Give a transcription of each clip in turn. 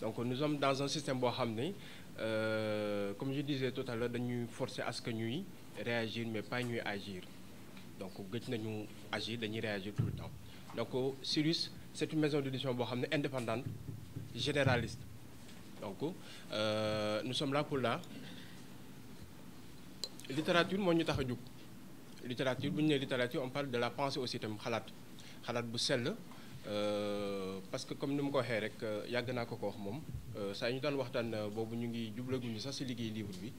donc nous sommes dans un système boo xam ne euh, comme je disais tout à l'heure dañuy forcer à que ñuy réagir mais pas ñuy agir donc gëj nañu agir dañuy réagir tout le temps donc Sirius c'est une maison d'édition boo xam ne indépendante généraliste donc euh, nous sommes là pour la littérature moo ñu tax a jóg littérature bu ñu nee littérature on parle de la pensée aussi tam xalaat xalaat bu sell Euh, parce que comme ni mu ko waxee rek euh, yàgg naa ko ko wax moom euh, saa ñu daan waxtaan boobu ñu ngi juble jublaguñu sax si liggéey livre bi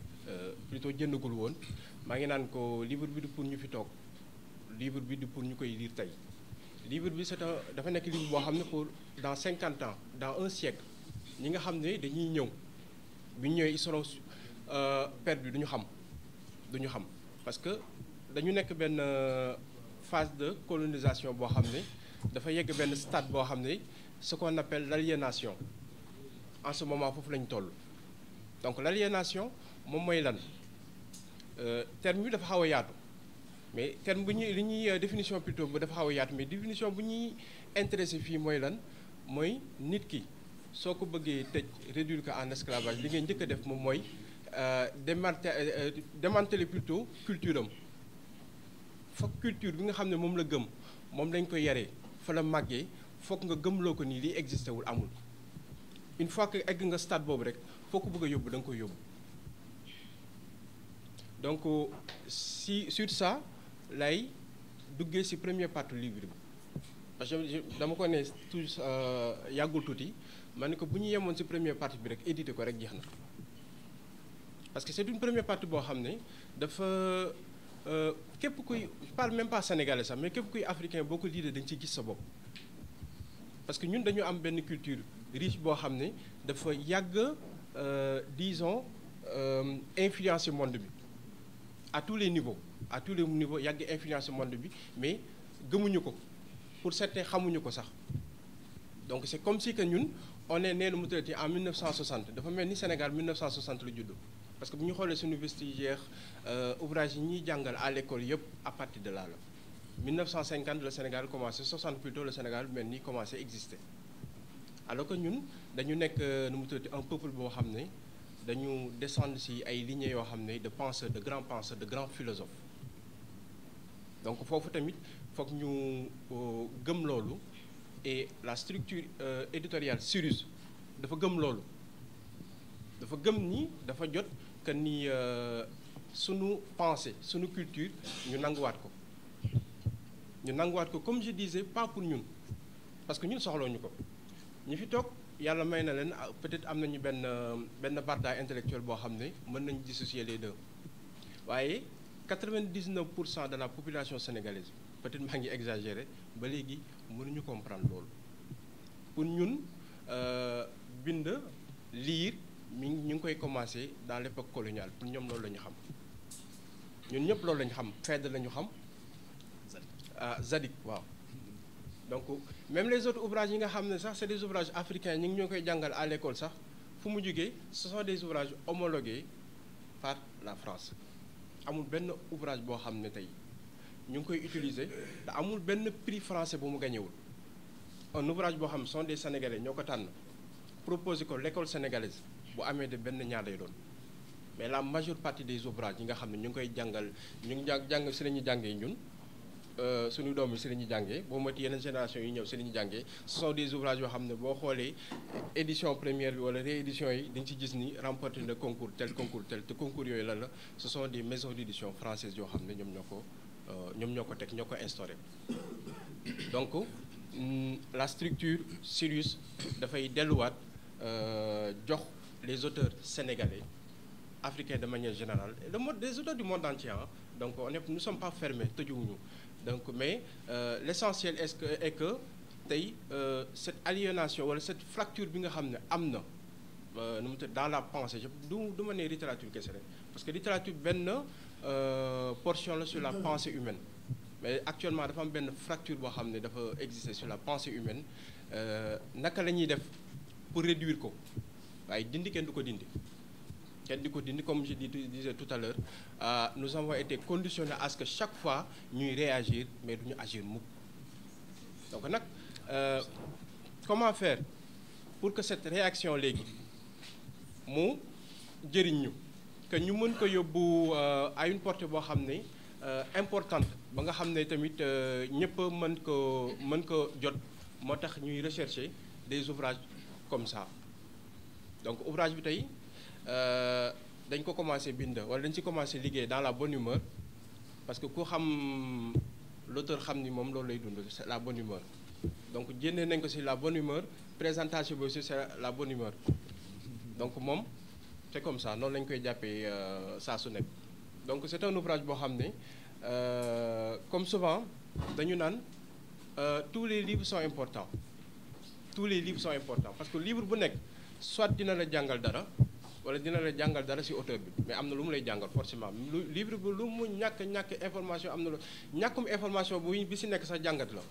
plutôt jëndagul woon maa ngi naan ko livre bi pour ñu fi toog livre bi du pour ñu koy liir tey livre bi c'est un dafa nekk livre boo xam ne pour dans cinquante ans dans un siècle ñi nga xam ne dañuy ñëw bu ñu ñëwee ils seront perdus du ñu xam du xam parce que dañu nekk benn phase de colonisation boo xam ne dafa yegg benn stade boo xam ne ce qu'on appelle l'aliénation en ce moment foofu lañ toll donc lalienation moom mooy lan euh, terme bi dafa xaw a yaatu mais terme bu ñuy li ñuy euh, définition plutôt bu dafa xaw a yaatu mais définition bu ñuy intéressé fii mooy lan mooy nit ki soo ko bëggee tëj réduire ko en esclavage li ngay njëkk def moom mooy euh, démanteler plutôt culture am foog culture bi nga xam ne moom la gëm moom lañ koy yaree fa la màggee foog nga gëmloo ko nii lii existé wul amul une fois que egg nga stade boobu rek foo ko bëgg a yóbbu da koy yóbbu donc euh, si sur ça lay duggee si première partie livre bi parce que dama ko ne tous euh, yàggul tuuti ma ne ko bu ñu yemoon si premier partie bi rek édité ko rek jeex na parce que c'est une première partie boo xam ne dafa. Euh, képp kuy par parle même pas sénégalais sax mais képp kuy africain boo ko liidee dañ ciy gis sa bopp parce que ñun dañu am benn culture riche boo xam ne dafa yàgg euh, disons euh, influencer monde bi à tous les niveau à tous les niveaux yàgg influencer monde bi mais gëmuñu ko pour certains xamuñu ko sax donc c'est comme si que ñun on est né nu mu tuddati en 1960 dafa mel ni Sénégal 1960 la judd parce que bu ñu xoolee suñu vestigiaire euh, ouvrage yi ñuy jàngal à l'école yëpp à partir de là la 1950 le Sénégal commencé 60 plutôt le Sénégal mel ni commencé exister alors que ñun dañu nekk euh, nu mu tuddati un peuple boo xam ne dañu descendre ci ay lignées yoo xam ne de penseurs de grands penseurs de grands philosophes donc foofu tamit foog ñu euh, gëm loolu et la structure éditoriale Sirius dafa gëm loolu dafa gëm nii dafa jot que ni euh, sunu pensée sunu culture ñu nanguwaat ko ñu nanguwaat ko comme je disais pas pour ñun parce que ñun soxlooñu ko ñu fi toog yàlla may na leen ah, peut-être am nañu benn euh, benn barda intellectuel boo xam ne mën nañu dissocier les deux waaye 99 pour cent de la population sénégalaise peut-être maa ngi exagéré ba léegi mënuñu comprendre loolu pour ñun euh, bind lire mi ñu ngi koy commencé dans l'époque coloniale pour ñoom loolu la ñu xam ñun ñëpp loolu la ñu xam fedd la ñu xam ah waaw donc même les autres ouvrages yi nga xam ne sax c'est des ouvrages africains ñu ngi ñoo koy jàngal à l'école sax fu mu jógee ce des ouvrages homologués par la France amul benn ouvrage boo xam ne tey ñu ngi koy utiliser te amul benn prix francais bu mu gañewul un ouvrage boo xam ne sont des sénégalais ñoo ko tànn proposé ko l'école sénégalaise bu amee de benn ñaar lay doon mais la majeure partie des ouvrages yi nga xam ne ñu ngi koy jàngal ñu ngi jàng jàng si jàngee ñun euh, suñu doom yi si ñu jàngee boo moytu yeneen génération yi ñëw si la ñuy jàngee ce sont des ouvrages yoo xam ne boo xoolee édition première bi wala réédition yi dañ ci gis ni remporté na concours tel concours tel te concours yooyu lan la ce sont des maisons d' édition françaises yoo xam ne ñoom ñoo ko euh, ñoom ñoo ko teg ñoo ko instauré donc mm, la structure Sirius dafay delluwaat euh, jox. les auteurs sénégalais, africains de manière générale, et le des les auteurs du monde entier. Donc on est, nous ne sommes pas Donc, mais euh, l'essentiel est que, est que tey euh, cette aliénation wala cette fracture bi nga xam ne am na euh, nu mu tudd dans la pensée du du ma ne littérature kese rek parce que littérature benn euh, portion la sur la pensée humaine mais actuellement dafa am benn fracture boo xam ne dafa exister sur la pensée humaine naka la ñuy def pour réduire ko waaye dindi kenn du ko dindi kenn du ko dindi comme je disais tout à l'heure euh, nous avons été conditionnés à ce que chaque fois ñuy réagir mais du ñu agir mukk donc nag euh, comment faire pour que cette réaction léegi mu jëriñ ñu que ñu mën ko yóbbu euh, à une portée boo xam ne euh, importante ba nga xam ne tamit euh, ñëpp mën ko mën ko jot moo tax ñuy rechercher des ouvrages comme ça donc ouvrage bi tey euh, dañ ko commencé bind wala dañ ci commencé liggéey dans la bonne humeur parce que ku xam l'auteur xam ni moom loolu lay dund c'est la bonne humeur donc génne nañ ko si la bon humeur présentation bi aussi la bonne humeur donc moom te comme ça noonu lañ koy jàppee euh, saa su nekk donc c'est un ouvrage boo xam ne euh, comme souvent dañu naan tous les livres son importants tous les livres sont importants parce que libre bu nekk soit dina la jàngal dara wala dina la jàngal dara si auteur bi mais am na lu mu lay jàngal forcément lu livre bi lu mu ñàkk ñàkk information am na lu ñàkkum information bu bi ci nekk sa jàngat la